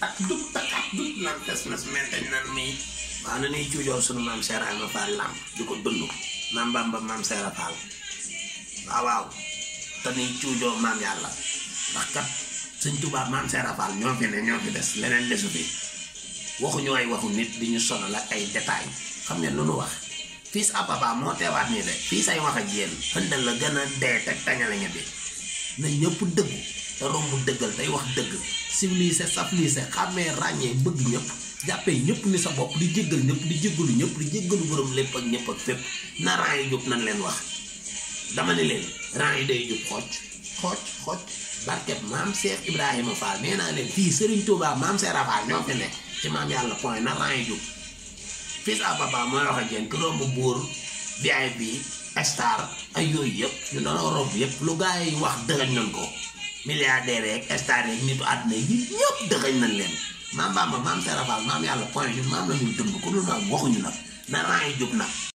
ak dug takkaat dug nag des na su menten nan mii waaw na nuy cuujoo sunu maam Seera ma Faal lamb di ko dund maam Bamba maam Seera Faal waaw waaw te nuy cuujoo maam yàlla ndax kat sëñ Tuubaa maam Seera Faal ñoo fi ne ñoo fi des desu fi waxuñu ay waxu ñu sonal ak ay détails xam ne lu nu wax fiis moo teewaat nii de fii say wax ak yéen xëndal la gën a dee teg tañale bi na ñëpp dëggu te romb dëggal day wax dëgg civilisé saflisé xàmmee ràññee bëgg ñëpp jàppee ñëpp ñu sa bopp di jëggal ñëpp di jéggalu ñëpp lu jéggalu borom lépp ak ñëpp ak fépp na rang jub nañ leen wax dama ne leen rang yi day jub xocc xocc xocc barkeb maam Cheikh Ibrahima Fall nee naa leen fii Serigne Touba maam Serap Fall ñoo fi nekk maam yàlla point na rang yi jub fils à papa mooy wax ak yéen ki romb buur bi ay bi star ay yooyu yëpp ñu doon romb yëpp lu gaa yi wax dëggañ ko. milliardaires yeeg star yeeg nitu àdduna yi ñëpp dëxëñ nañ leen maam Bamba maam Serapal maam yàlla point bi maam na ñu dund ku dul maam waxuñu nag na raa ngi jóg